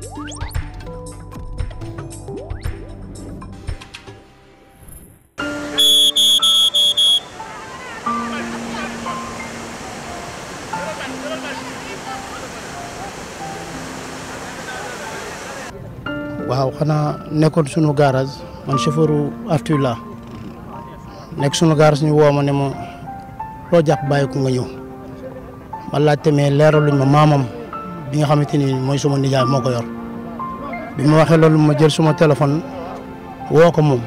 waaw xanaa nekkoon sunu garage man chauffeuru Artu nekk sunu garage ñu woo ma ne ma loo jàpp bàyyi ko nga ma laajte mais leeraluñ ma maamam. bi nga xamante ni mooy suma nijaay moo ko yor bi ma waxee loolu ma jël suma téléphone woo ko moom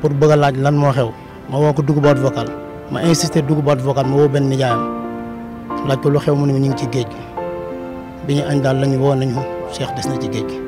pour bëgg a laaj lan moo xew ma woo ko dugg boîte vocale ma insisté dugg boîte vocale ma woo benn nijaayam laaj ko lu xew mu ne ñu ngi ci géej gi bi ñu añ daal lañu woo nañu Cheikh des na ci géej gi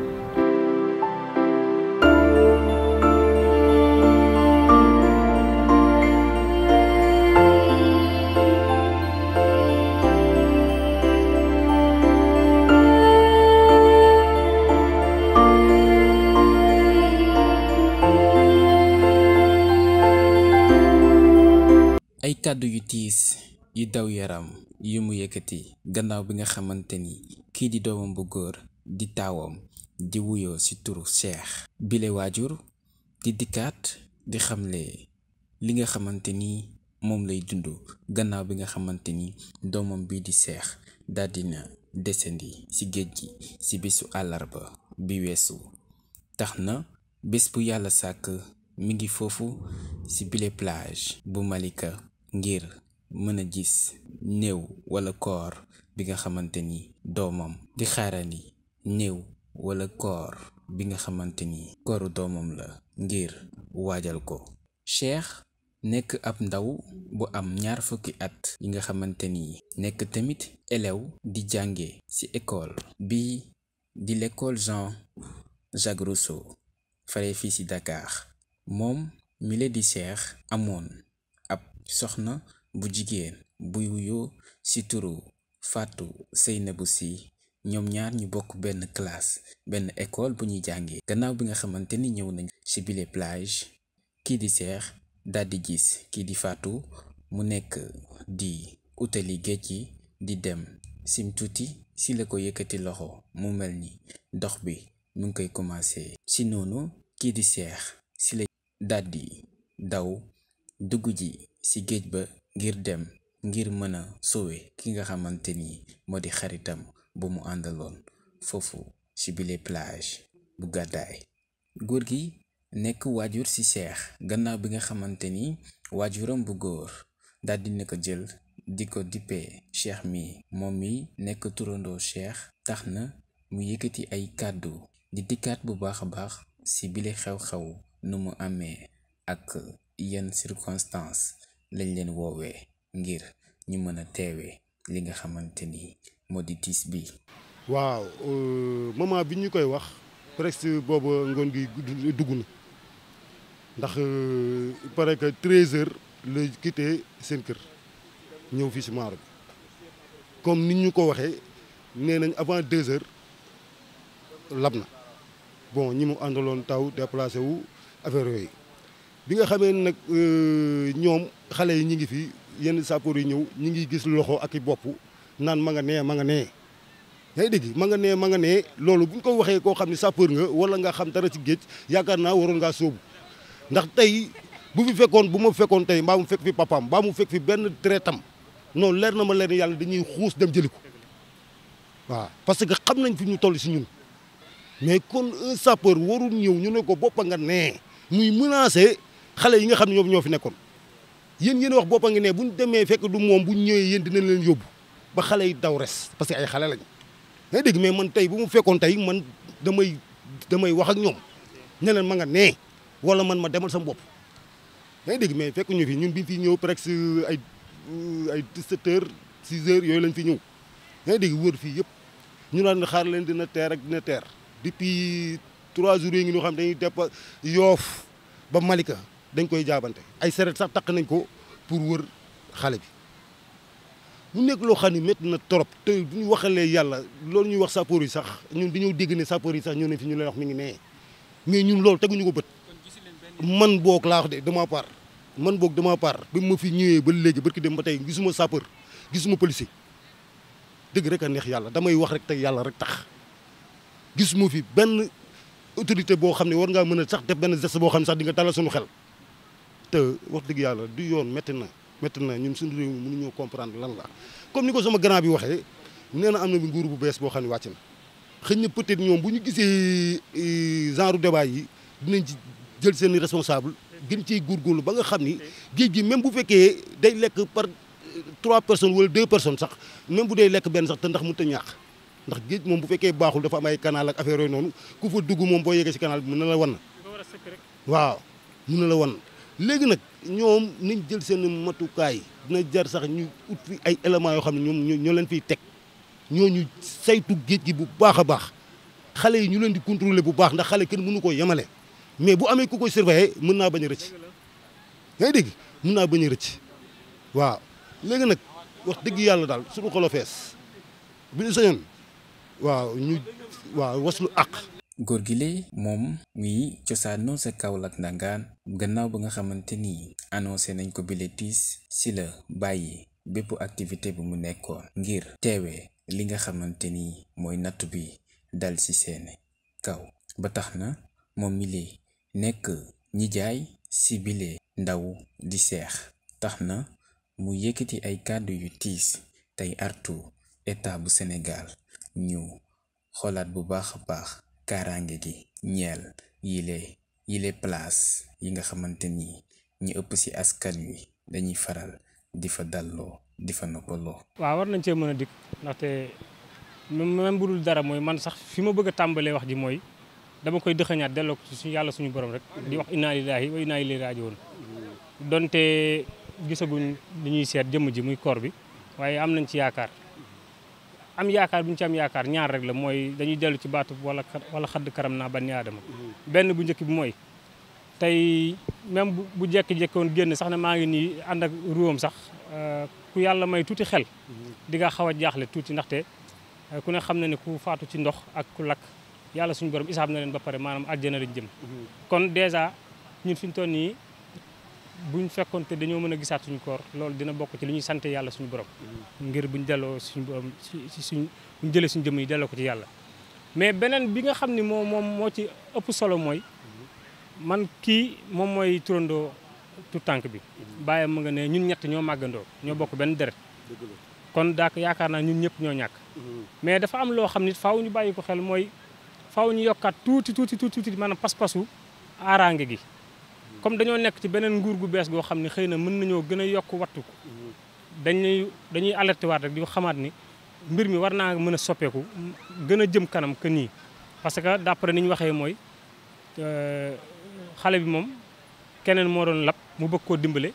diis yu daw yaram yu mu yëkkati gannaaw bi nga xamante ni kii di doomam bu góor di taawam di wuyoo ci turu Cheikh bile waajur di dikkaat di xamle li nga xamante ni moom lay dund gannaaw bi nga xamante ni doomam bii di seex daal dina desandi ci géej gi ci bisu àllarba bi weesu tax na bés bu yàlla sàkk mu ngi foofu ci bile plage bu Malika ngir mën a gis néew wala koor bi nga xamante ni doomam di xaarandi néew wala koor bi nga xamante ni kooru doomam la ngir waajal ko Cheikh nekk ab ndaw bu am ñaar fukki at yi nga xamante ni nekk tamit élève di jànge ci école bi di l'école Jean Jacques Rousseau fare fii ci dakaar moom mile di Cheikh amoon ab soxna bu jigéen buy wuyoo ci turu Fatou Sainabou si ñoom ñaar ñu bokk benn classe benn école bu ñuy jàngee gannaaw bi nga xamante ni ñëw nañ ci bile plage kii di Cheikh daal di gis kii di Fatou mu nekk di utali géej gi di dem sim tuuti si la ko yëkkati loxo mu mel ni dox bi mu ngi koy commencé ci noonu kii di Cheikh si la daal daw dugg ji ci géej ba ngir dem ngir mën a sauver ki nga xamante ni moo di xaritam bu mu àndaloon foofu ci bile plage bu gàddaay góor gi nekk waajur ci Cheikh gannaaw bi nga xamante ni waajuram bu góor daal na ko jël di ko dippee Cheikh mi moom mi nekk turandoo Cheikh tax na mu yëkkati ay kàddu di dikkaat bu baax a baax ci bile xew-xew nu mu amee ak yenn circonstance lañ leen woowee ngir ñu mën a teewee li nga xamante ni moo di tiis bi waaw euh, moment bi ñu koy wax presque boobu ngoon gi dugg na ndax euh, il que 13 heures la quitté seen kër ñëw fii si Maaro bi comme ni ñu ko waxee nee nañ avant 2 heures lab na bon ñi mu àndaloon taw déplacé wu affaire yooyu bi nga xamee nag euh, ñoom xale yi ñu ngi fi yenn sapeurs yi ñëw ñu ngi gis loxo ak i bopp naan ma nga nee ma nga nee. yaa ma nga nee ma nga nee loolu bu ñu ko waxee koo xam ne sapeur nga wala nga xam dara ci géej yaakaar naa waroon ngaa sóobu ndax tey bu fi fekkoon bu ma fekkoon tey mbaa mu fekk fi papaam mbaa mu fekk fi benn traitam non leer na ma leer yàlla dañuy xuus dem jëli ko waaw parce que xam nañ fi ñu toll si ñun mais kon un sapeur warul ñëw ñu ne ko boppa nga nee muy menacé xale yi nga xam ne ñoo fi nekkoon. yéen yéen wax boppa ngi ne bu ñu demee fekk du moom bu ñu ñëwee yéen dinañ leen yóbbu ba xale yi daw res parce que ay xale lañ nga dégg mais man tey bu mu fekkoon tey man damay damay wax ak ñoom ne leen ma nga nee wala man ma demal sam bopp nga dégg mais fekk ñu fi ñun bi ñu fi ñëw presque ay ay 17 heures 6 heures yooyu lañ fi ñëw nga dégg wër fii yëpp ñu naan xaar leen dina teer ak dina teer depuis 3 jours yi ngi ñoo xam dañuy depp yoof ba Malika dañ koy jaabante ay saret sax takk nañ ko pour wër xale bi mu nekk loo xam ne métti na trop te bu ñu lee yàlla loolu ñuy wax sapeurs yi sax ñun dañoo dégg ne sapeurs yi sax ñoo ne fi ñu leen wax mi ngi nee mais ñun loolu teguñu ko bët man boog laa wax de dama part man boog dama part ba ma fi ñëwee ba léegi barki dem ba tey gisuma sapeur gisuma policier dëgg rek a neex yàlla damay wax rek tey yàlla rek tax gisuma fi benn autorité boo xam ne war ngaa mën a benn geste boo xam ne sax di nga dalal xel te wax dëgg yàlla du yoon métti na métti na ñun suñu réew mi comprendre lan la comme ni ko sama grand bi waxee nee na am na bi nguur bu bees boo xam ne wàcc na xëy na peut-être ñoom bu ñu gisee euh, genre débat yi dinañ ci jël seen responsable gën ciy góorgóorlu ba nga xam ni géej gi même bu fekkee day lekk par euh, trois personnes wala deux personnes sax même bu dee lekk benn sax te ndax mënut a ñàkk ndax géej moom bu fekkee baaxul dafa am ay canal ak affaire yooyu noonu ku fa dugg moom boo yeggee si canal bi na la wan. na léegi nag ñoom niñ jël seen matukaay dina jar sax ñu ut fi ay éléments yoo xam ne ñoom ñoo leen fiy teg ñoo ñu saytu géej gi bu baax a baax xale yi ñu leen di contrôler bu baax ndax xale kenn mënu ko yemale mais bu amee ku koy surveiller mën naa bañ a rëcc yaa ngi dégg mën naa bañ a rëcc waaw léegi nag wax dëgg yàlla daal suñu xolo fees bi ñu sañoon waaw ñu waaw waslu àq góor gile moom muy cosaanoo sa Kaolack ndangaan gannaaw ba nga xamante ni annoncé nañ ko bile tiis si la bàyyi bépp activité bi mu nekkoon ngir teewee li nga xamante ni mooy natt bi dal ci seeni kaw ba tax na moom mi li nekk ñi jaay si bile ndaw di seex tax na mu yëkkati ay kàddu yu tiis tey artu état bu Sénégal ñu xoolaat bu baax baax kaaraange gi ñeel yii yile palaas yi nga xamante ni ñu ëpp si askan yi dañuy faral di fa dalloo di fa noppaloo. waaw war nañ cee mën a dikk ndaxte même bu dul dara mooy man sax fi ma bëgg tàmbalee wax ji mooy dama koy dëxëñaat delloo ko ci yàlla suñu borom rek di wax inna lillahi wa inna ilayhi raaji'uun donte gisaguñ li ñuy seet jëmm ji muy koor bi waaye am nañ ci yaakaar. am yaakaar bu ñu ci am yaakaar ñaar rek la mooy dañuy dellu ci baatu wala wala xadd karam naa ba ni aadama benn bu njëkk bi mooy tey même bu jekki-jekkoon génn sax ne maa ngi nii ànd ak ruwam sax euh, ku yàlla may tuuti xel di nga xaw a jaaxle tuuti ndaxte euh, ku ne xam na ne ku faatu ci ndox ak ku lakk yàlla suñ borom isaab na leen ba pare maanaam aljana lañ jëm mhm. kon dèjà ñun fi ñu bu ñu fekkoon te dañoo mën a gisaatuñu suñu koor loolu dina bokk ci li ñuy sante yàlla suñu borom mm-hmm. ngir bu ñu suñu borom si suñ jëlee suñu jëmm yi delloo ko ci yàlla mais beneen bi nga xam ni moom moom moo ci ëpp solo mooy mm-hmm. man kii moom mooy turandoo tout tànk bi mm-hmm. bàyyi mu nga ne ñun ñett ñoo màggandoo ñoo bokk benn deret kon daak yaakaar naa ñun ñëpp ñoo ñàkk mais dafa am loo xam ni faaw ñu bàyyi ko xel mooy faaw ñu yokkaat tuuti tuuti tuuti tuuti maanaam pas-pasu aaraange gi comme dañoo nekk ci beneen nguur gu bees goo xam ne xëy na mën nañoo gën a yokk wattu dañuy dañuy alerté waat rek di xamaat ni mbir mi war naa mën a soppeeku gën a jëm kanam que nii parce que d'après ni ñu waxee mooy euh, xale bi moom keneen moo doon lab mu bëgg koo dimbale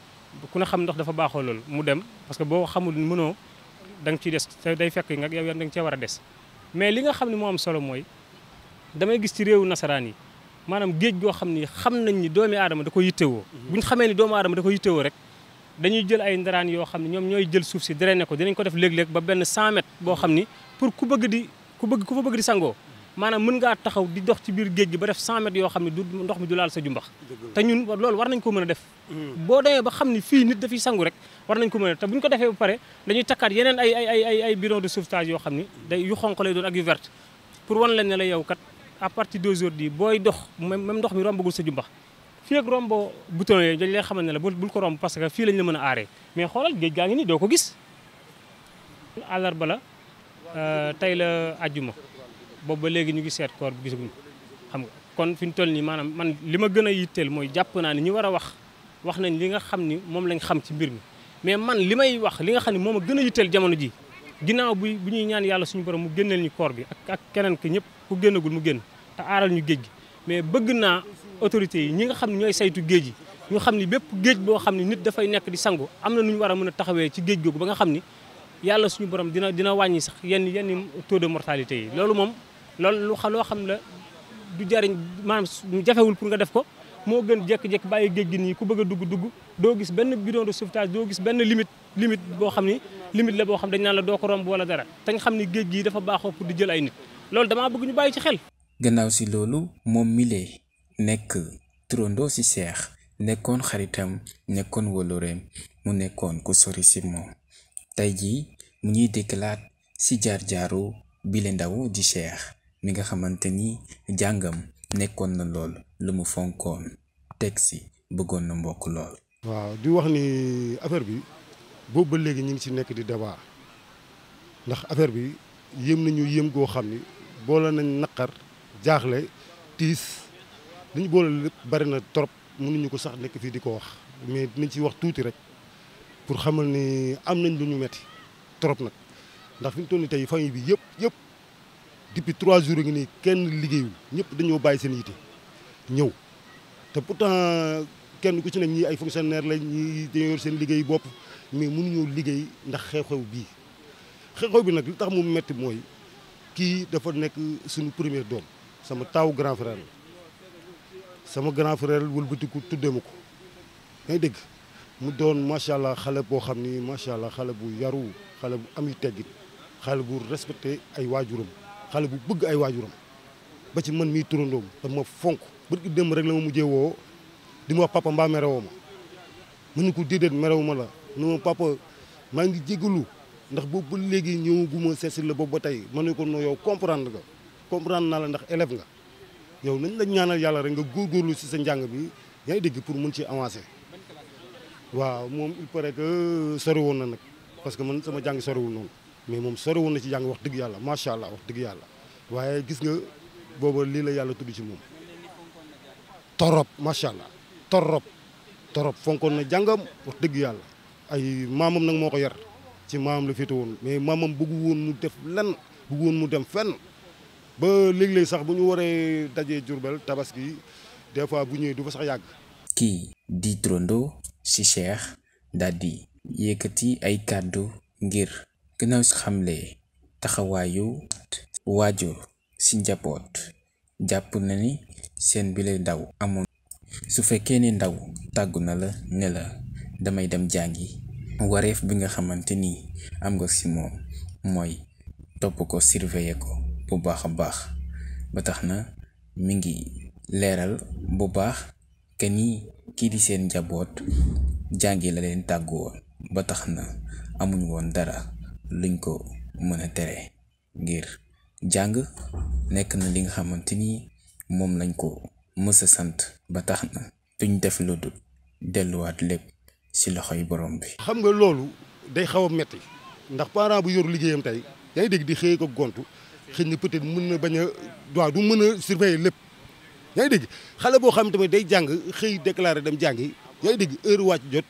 ku ne xam ndox dafa baaxoo loolu mu dem parce que boo xamul mënoo da nga ciy des day fekk nga yow da nga cee war a des mais li nga xam ne moo am solo mooy damay gis ci réewu nasaraan yi maanaam géej goo xam ni xam nañ ni doomi aadama da ko bu ñu xamee ni doomu aadama da ko yittewoo rek dañuy jël ay ndaraan yoo xam ne ñoom ñooy jël suuf si drainer ko dinañ ko def léeg-léeg ba benn 100 mètres boo xam ni pour ku bëgg di ku bëgg ku fa bëgg di sangoo maanaam mën ngaa taxaw di dox ci biir géej gi ba def 100 mètres yoo xam ne du ndox mi du laal sa jumbax te ñun loolu war nañ ko mën a def mm. boo demee ba xam ni fii nit dafiy sangu rek war nañ ko mën a def te ko defee ba pare dañuy takkaat yeneen ay ay ay ay yoo xam ni day yu xonq lay doon ak pour wan leen ne yow kat à partir d'aujourd'hui booy dox même ndox mi rombagul sa jumbax fii ak rombo bouton yooyu dañ lay xamal ne la bul ko romb parce que fii lañ la mën a aaree mais xoolal géej gaa ngi nii doo ko gis àllarba la euh, tey la ajjuma boobu ba léegi ñu ngi seet koor bu gisaguñ xam nga kon fi ñu toll nii maanaam man li ma gën a yitteel mooy jàpp naa ne ñu war a wax wax nañ li nga xam ni moom lañ xam ci mbir mi mais man li may wax li nga xam ne moom a gën a yitteel jamono ji ginnaaw bu bu ñuy ñaan yàlla suñu borom mu génneel ñu koor bi ak ak keneen ki ñëpp ku génnagul mu génn te aral ñu géej gi mais bëgg naa autorités yi ñi nga xam ne ñooy saytu géej yi ñu xam ne bépp géej boo xam ne nit dafay nekk di sangu am na nu ñu war a mën a taxawee ci géej googu ba nga xam ni yàlla suñu borom dina dina wàññi sax yenn yenn taux de mortalité yi loolu moom loolu lu loo xam la du jariñ maanaam jafewul pour nga def ko moo gën jékki-jékki bàyyi géej gi nii ku bëgg dugg dugg doo gis benn bidon de sauvetage doo gis benn limite limite boo xam ni limite la boo xam dañ naan la doo ko romb wala dara te nga xam ni géej gi dafa baaxoo pour di jël ay nit loolu damaa bëgg ñu bàyyi ci xel gannaaw si loolu moom mile nekk turandoo ci seex nekkoon xaritam nekkoon woloreem mu nekkoon ku sori si moom tey jii mu ñuy dëkkalaat si jaar jaaru bile ndaw di seex mi nga xamante ni jàngam nekkoon na lool lu mu fonkoon teg si bëggoon na mbokk lool. waaw di wax ni affaire bi boobu ba léegi ñu ngi ci nekk di débat ndax affaire bi yéem nañu yéem goo xam ni boole nañ naqar. jaaxle tiis li ñu boole lépp bari na trop mënuñu ko sax nekk fii di ko wax mais dinañ ci wax tuuti rek pour xamal ni am nañ lu ñu metti trop nag ndax fi ñu toll nii tey famille bi yëpp yëpp depuis trois jours ngi nii kenn liggéeyu ñëpp dañoo bàyyi seen yite ñëw te pourtant kenn ku ci nekk ñii ay fonctionnaire lañ ñii dañoo yor seen liggéey bopp mais mënuñoo liggéey ndax xew-xew bii xew bi nag li tax mu metti mooy kii dafa nekk suñu première doom sama taawu grand frère sama grand frère wëlbatiku tuddee ma ko ngay dégg mu doon macha allah xale boo xam ni macha allah xale bu yaru xale bu am teggit xale bu respecté ay waajuram xale bu bëgg ay waajuram ba ci man mii turandoom dama ma fonk bët gi dem rek la ma mujjee woo di ma wax papa mbaa merewoo ma mën ni ko déedéet merewu ma la non papa maa ngi jégalu ndax boobu ba léegi ñëwaguma seet si la boobu ba tey ma ne ko noo yow comprendre nga comprendre naa la ndax élève nga yow nañ la ñaanal yàlla rek nga góorgóorlu si sa njàng bi yaa ngi dégg pour mun ci avancer waaw moom il paraît que sori woon na nag parce que man sama jàng soriwul noonu mais moom sori woon na ci jàng wax dëgg yàlla macha allah wax dëgg waaye gis nga booba lii la yàlla tudd ci moom torop macha allah torop torop fonkoon na jàngam wax dëgg yàlla ay maamam nag moo ko yar ci maamam la féete woon mais maamam bëggu woon mu def lenn bëggu woon mu dem fenn ba léegi léeg sax bu ñu waree dajee Jurbel tabaski des fois bu ñëwee du fa sax yàgg. kii di trondo si Cheikh daal di yëkkati ay kàddu ngir gannaaw xamle taxawaayu waajur si njaboot jàpp na ni seen bile ndaw amoon. su fekkee ne ndaw tàggu na la ne la damay dem jàngi wareef bi nga xamante ni am nga si moom mooy topp ko surveiller ko. bu baax a baax ba tax na mu ngi leeral bu baax ke ni kii di seen njaboot jàngi la leen tàggu woon ba tax na amuñ woon dara luñ ko mën a tere ngir jàng nekk na li nga xamante ni moom lañ ko mësa sant ba tax na duñ def lu dul delluwaat lépp ci loxoy borom bi. xam nga loolu day xaw metti ndax parent bu yor liggéeyam tey yaa ngi dégg di xëy ko gontu. xëy na peut-être mën na bañ a waaw du mën a surveiller lépp yaa ngi dégg xale boo xam tamit day jàng xëy déclaré dem jàngi yaa ngi dégg heure wàcc jot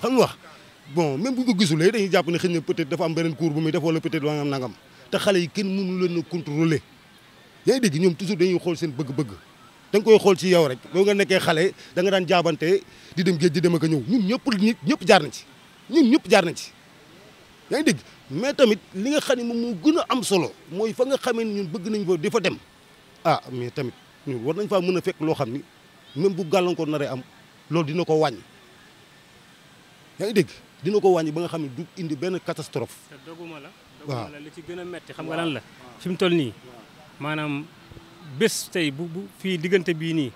xam nga wax bon même bu ko gisulee dañuy jàpp ne xëy na peut-être dafa am bu muy def wala peut-être wangam nangam te xale yi kenn mënu leen a contrôler yaa ngi dégg ñoom toujours dañuy xool seen bëgg-bëgg da koy xool ci yow rek boo nga nekkee xale da nga daan jaabante di dem géej di dem ak a ñëw ñun ñëpp ñëpp jaar na ci ñun ñëpp jaar na ci yaa ngi dégg mais tamit li nga xam ne moom moo gën a am solo mooy fa nga xamee ni ñun bëgg nañ fa di fa dem ah mais tamit ñun war nañ faa mën a fekk loo xam ni même bu gàllankoor naree am loolu dina ko wàññi yaa dégg dina ko wàññi ba nga xam ne du indi benn catastrophe. te la. waaw doguma la ci gën a metti xam nga lan la. fi mu toll nii maanaam bés tey bu fii diggante bii nii.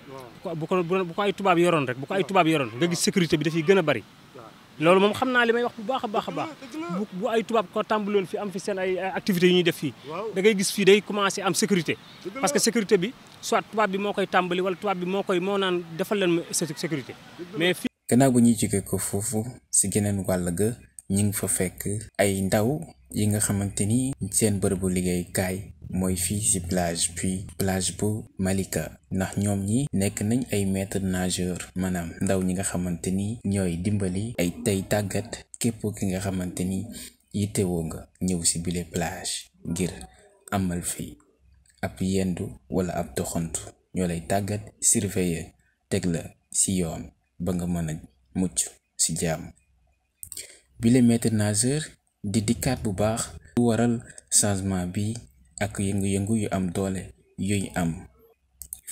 bu ko bu ko ay tubaab yoroon rek bu ko ay tubaab yoroon nga gis sécurité bi dafay gën a bari. loolu moom xam naa li may wax bu baax a baax a baax bu ay tubaab ko tàmbaloon fi am fi seen ay activités yu ñuy def fii da gis fii day commencé am sécurité parce que sécurité bi soit tubaab bi moo koy tàmbali wala tubaab bi moo koy moo naan defal leen sécurité mais fii gannaaw bu ñuy jóge ko foofu si geneen wàll ga ñu ngi fa fekk ay ndaw yi nga xamante ni seen bërëbu liggéeykaay mooy fii ci plage puis plage bu Malika ndax ñoom ñi nekk nañ ay maître nageur maanaam ndaw ñi nga xamante ni ñooy dimbali ay tey tàggat képp ki nga xamante ni yittewoo nga ñëw ci bile plage ngir amal fi ab yendu wala ab doxantu ñoo lay tàggat surveiller teg la ci yoon ba nga mën a mucc ci jàmm bile maître nageur di dikkaat bu baax lu waral changement bi ak yëngu-yëngu yu am doole yuñ am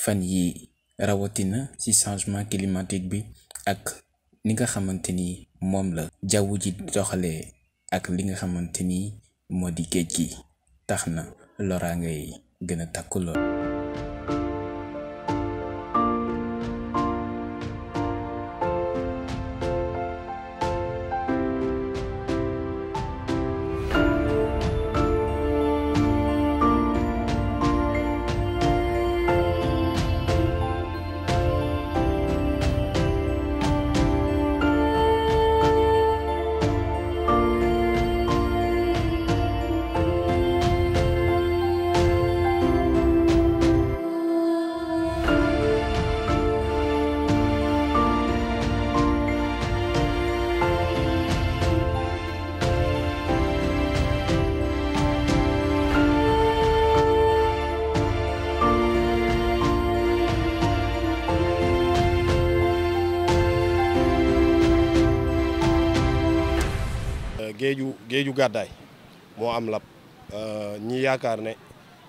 fan yi rawatina ci changement climatique bi ak ni nga xamante ni moom la jaww ji doxalee ak li nga xamante ni moo di géej gi tax na loraange yi gën a takku géeju gàddaay moo am lab euh, ñi yaakaar ne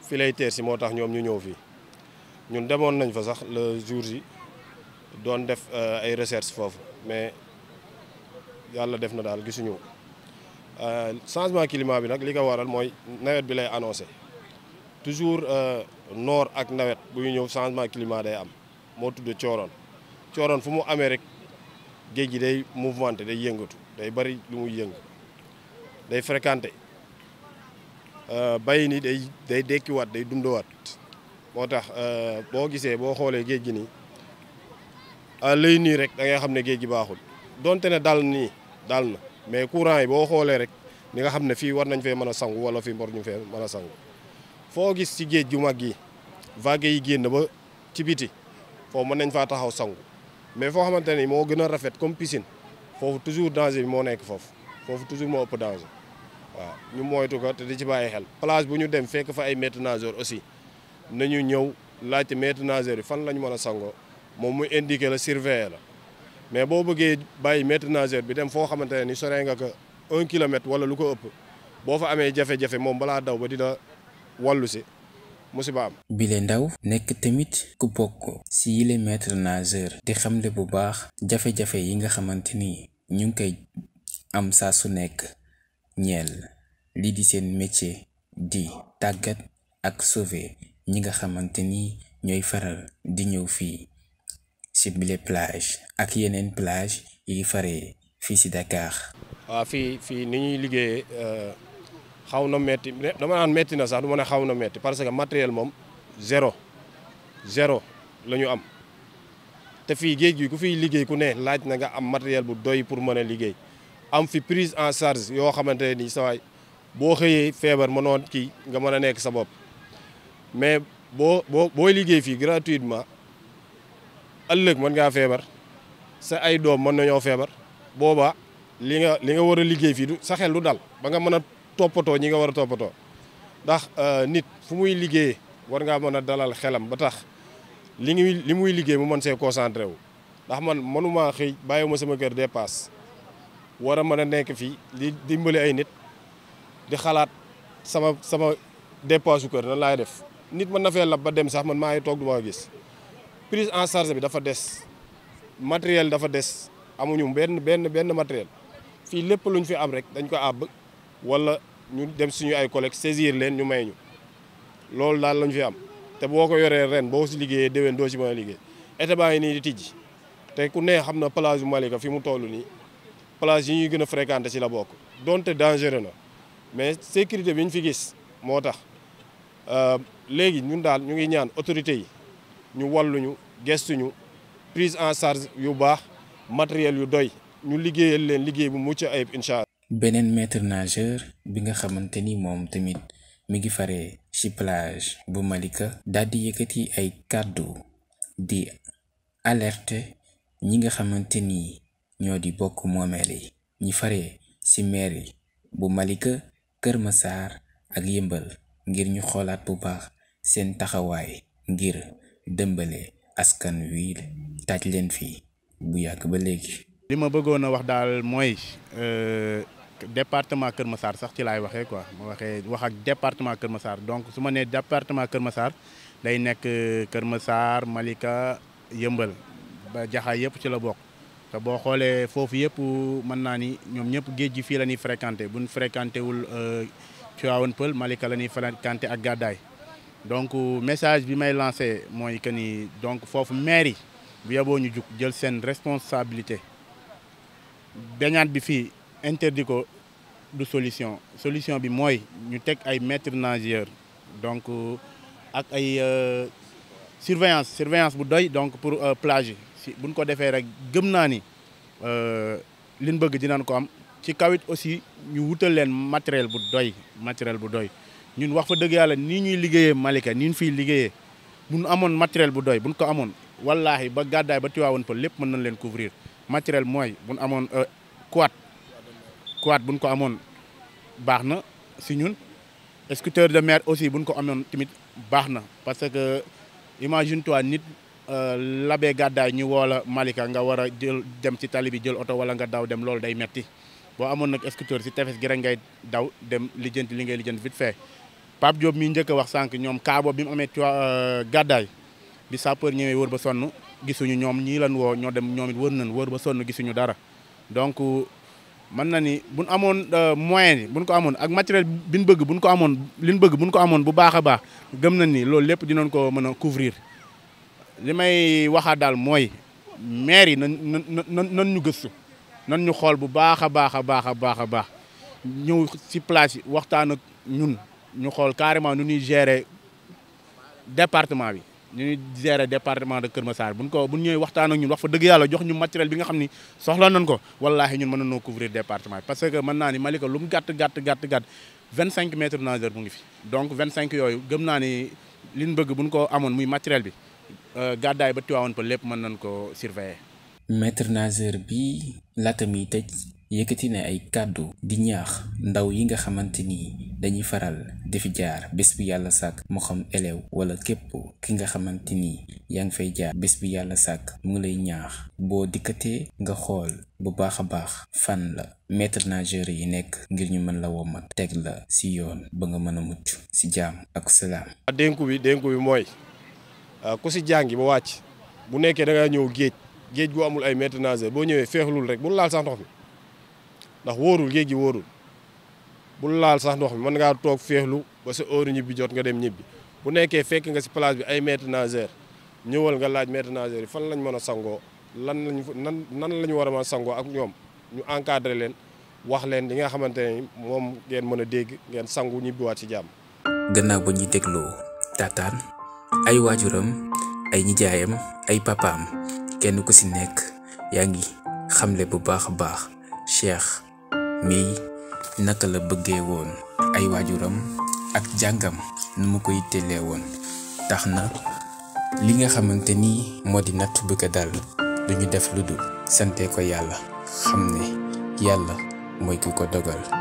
fi lay teer si moo tax ñoom ñu ñëw fii ñun demoon nañ fa sax le jour yi doon def euh, ay recherche foofu mais yàlla def na daal gisuñu euh, changement climat bi nag li ko waral mooy nawet bi lay annoncé toujours noor ak nawet buy ñëw changement climat day am moo tudd cooroon cooroon fu mu amee rek géej gi day mouvementé day yëngatu day bari lu muy yëng day fréquenté euh, bay ni day day dekkiwaat day dundawaat moo tax euh, boo gisee boo xoolee géej gi nii a lay nii rek da ngay xam ne géej gi baaxul donte ne daal nii daal na mais courant yi boo xoolee rek ni nga xam ne fii war nañ fee mën a sangu wala fii war ñu fee man a sangu foo gis ci géej gu mag yi vague yi génn ba ci biti foo mën nañ faa taxaw sangu mais foo xamante ni moo gën a rafet comme piscine foofu toujours danger bi moo nekk foofu foofu toujours moo ëpp waaw ñu moytu ko te di ci bàyyi xel place bu ñu dem fekk fa ay maîtres nageurs aussi nañu ñëw laajte maîtres nageurs yi fan la ñu mën a sangoo moom mu indiqué la surveiller la mais boo bëggee bàyyi maître nageur bi dem foo xamante ne ni sore nga ko un kilomètre wala lu ko ëpp boo fa amee jafe-jafe moom balaa daw ba di da wallu si ba am. bile ndaw nekk tamit ku bokk si yile maître nageur di xam ne bu baax jafe-jafe yi nga xamante ni ñu ngi koy am saa su nekk. ñeel li di seen métier di tàggat ak sauver ñi nga xamante ni ñooy faral di ñëw fii ci bile plage ak yeneen plage yi faree fii si dakaar waaw fii fii ni ñuy liggéeyee euh, xaw na metti dama naan metti na sax du ma ne xaw na metti parce que matériel moom zéro zéro la ñu am te fii géej gi ku fiy liggéey ku ne laaj na nga am matériel bu doy pour mën a liggéey. am fi prise en charge yoo xamante ne nii sawaay boo xëyee feebar mënoon kii nga mën a nekk sa bopp mais boo boo booy liggéey fii gratuitement ëllëg mën ngaa feebar sa ay doom mën nañoo feebar booba li nga li nga war a liggéey fii du sa xel du dal ba nga mën a toppatoo ñi nga war a toppatoo ndax euh, nit fu muy liggéeyee war ngaa mën a dalal xelam ba tax li muy li muy liggéey mu mën see concentré wu ndax man mënumaa xëy bàyyiwuma sama kër dépasse war a mën a nekk fii di dimbali ay nit di xalaat sama sama dépense su kër nan laay def nit ma na fee lab ba dem sax man maa ngi toog du ma gis prise en charge bi dafa des matériel dafa des amuñu benn benn benn matériel fii lépp lu ñu fi am rek dañ ko àbb wala ñu dem suñu ay collègues saisir leen ñu may ñu loolu daal lañ fi am te boo ko yoree ren boo si liggéeyee déwén doo si ma a liggéey état baa ngi nii di tijji te ku ne xam na place mali Malika fi mu toll nii plage yi ñuy gën a fréquenté ci la bokk donte dangereux na mais sécurité bi ñu fi gis moo tax euh, léegi ñun daal ñu ngi ñaan autorité yi ñu wallu walluñu gestuñu prise en charge yu baax matériel yu doy ñu liggéeyal leen liggéey bu mucc ay incha beneen maître nageur bi nga xamante ni moom tamit mi ngi faree ci plage bu Malika daal di yëkkati ay kàddu di alerte ñi nga xamante ni. ñoo di bokk moomeel yi ñi fare si meer yi bu Malika Kër Masaar ak Yëmbal ngir ñu xoolaat bu baax seen taxawaay ngir dëmbale askan wi taaj leen fii bu yàgg ba léegi. li ma bëggoon a wax daal mooy euh, departement Kër Massar sax ci laay waxee quoi ma waxee wax ak département Kër Massar donc su ma nee département Kër Massar day nekk euh, Kër Massar Malika Yëmbal ba Jaxaay yëpp ci la bokk. te boo xoolee foofu yëpp mën naa ni ñoom ñëpp géej ji fii la ñuy fréquenté buñ fréquenté wul euh, Tivaouane Peulh Malika la ñuy fréquenté ak Gàddaay donc euh, message bi may lancé mooy que ni donc foofu maire yi bu yeboo ñu jug jël seen responsabilité beñaat bi fii interdit ko du solution solution bi mooy ñu teg ay maître nageur donc euh, ak ay surveillance surveillance bu doy donc pour plage yi si buñ ko defee rek gëm naa ni euh, liñ bëgg dinañ ko am ci kawit aussi ñu wutal leen matériel bu doy matériel bu doy ñun wax fa dëgg yàlla nii ñuy liggéeyee Malika ni ñu fiy liggéeyee buñ amoon matériel bu doy buñ ko amoon wallaahi ba gàddaay ba tiwaawoon pa lépp mën nañ leen couvrir matériel mooy buñ amoon euh, quad quad buñ ko amoon baax na si ñun scooter de maire aussi buñ ko amoon tamit baax na parce que imagine toi nit Euh, labee gàddaay ñu woo la Malika nga war a jël dem ci tali bi jël oto wala nga daw dem loolu day metti boo amoon nag scooter si tefes gi rek ngay daw dem lijjanti li ngay lijjanti vite fait Pape Diop mi njëkk wax sànq ñoom kaabo bi mu amee euh, gàddaay bi sapeur ñëwee wër ba sonn gisuñu ñoom ñi lan woo ñoo dem ñoom it wër nañ wër ba sonn gisuñu dara donc man na ni buñ amoon euh, moyen yi buñ ko amoon ak matériel bi ñu bëgg bu ko amoon li bëgg buñ ko amoon bu baax a baax gëm nañ ni li may waxaat daal mooy maire yi nan nan nan ñu gëstu nan ñu xool bu baax a baax a baax a baax a baax ñëw ci place yi waxtaan ak ñun ñu xool carrément nu ñuy gérer département bi ñu ñuy gérer département de Kër Massar buñ ko buñ ñëwee waxtaan ak ñun wax fa dëgg yàlla jox ñu matériel bi nga xam ni soxla nañ ko wallaahi ñun mën noo couvrir département bi parce que mën naa ni Malika lu mu gàtt gàtt gàtt gàtt vingt cinq naa nageur mu ngi fi donc vingt cinq yooyu gëm naa ni liñ bëgg buñ ko amoon muy matériel bi Euh, gàddaay ba Tiwaawan Pël lépp mën nañ ko surveiller. maître nageur bi laata muy tëj yëkkati ne ay kàddu di ñaax ndaw yi nga xamante ni dañuy faral di fi jaar bés bu yàlla sàkk mu xam élève wala képp ki nga xamante ni yaa ngi fay jaar bés bu yàlla sàkk mu ngi lay ñaax boo dikkatee nga xool bu baax a baax fan la maître nageur yi nekk ngir ñu mën la womat teg la si yoon ba nga mën a mucc si jaam ak salaam. dénku bi dénku bi mooy. Euh, ku si jàngi ba wàcc bu nekkee da ngaa ñëw géej géej gu amul ay maître boo ñëwee feexlul rek bu laal sax ndox mi ndax wóorul géej gi wóorul bu laal sax ndox mi mën ngaa toog feexlu ba sa heure ñibbi jot nga dem ñibbi bu nekkee fekk nga si plage bi ay maître ñëwal nga laaj maître nageur yi fan lañ mën a sangoo lan lañu nan nan la ñu war a mën sangoo ak ñoom ñu encadré leen wax leen li nga xamante ne moom ngeen mën a dégg ngeen sangu ñibbiwaat ci jàmm. gannaaw ba ñuy dégloo taataan. ay waajuram ay nijaayam ay papaam kenn ku ci nekk yaa ngi xamle bu baax a baax Cheikh mii naka la bëggee woon ay waajuram ak jàngam nu mu koy teelee woon tax na li nga xamante ni moo di natt bëgg a dal ñu def lu du sante ko yàlla xam ne yàlla mooy ku ko dogal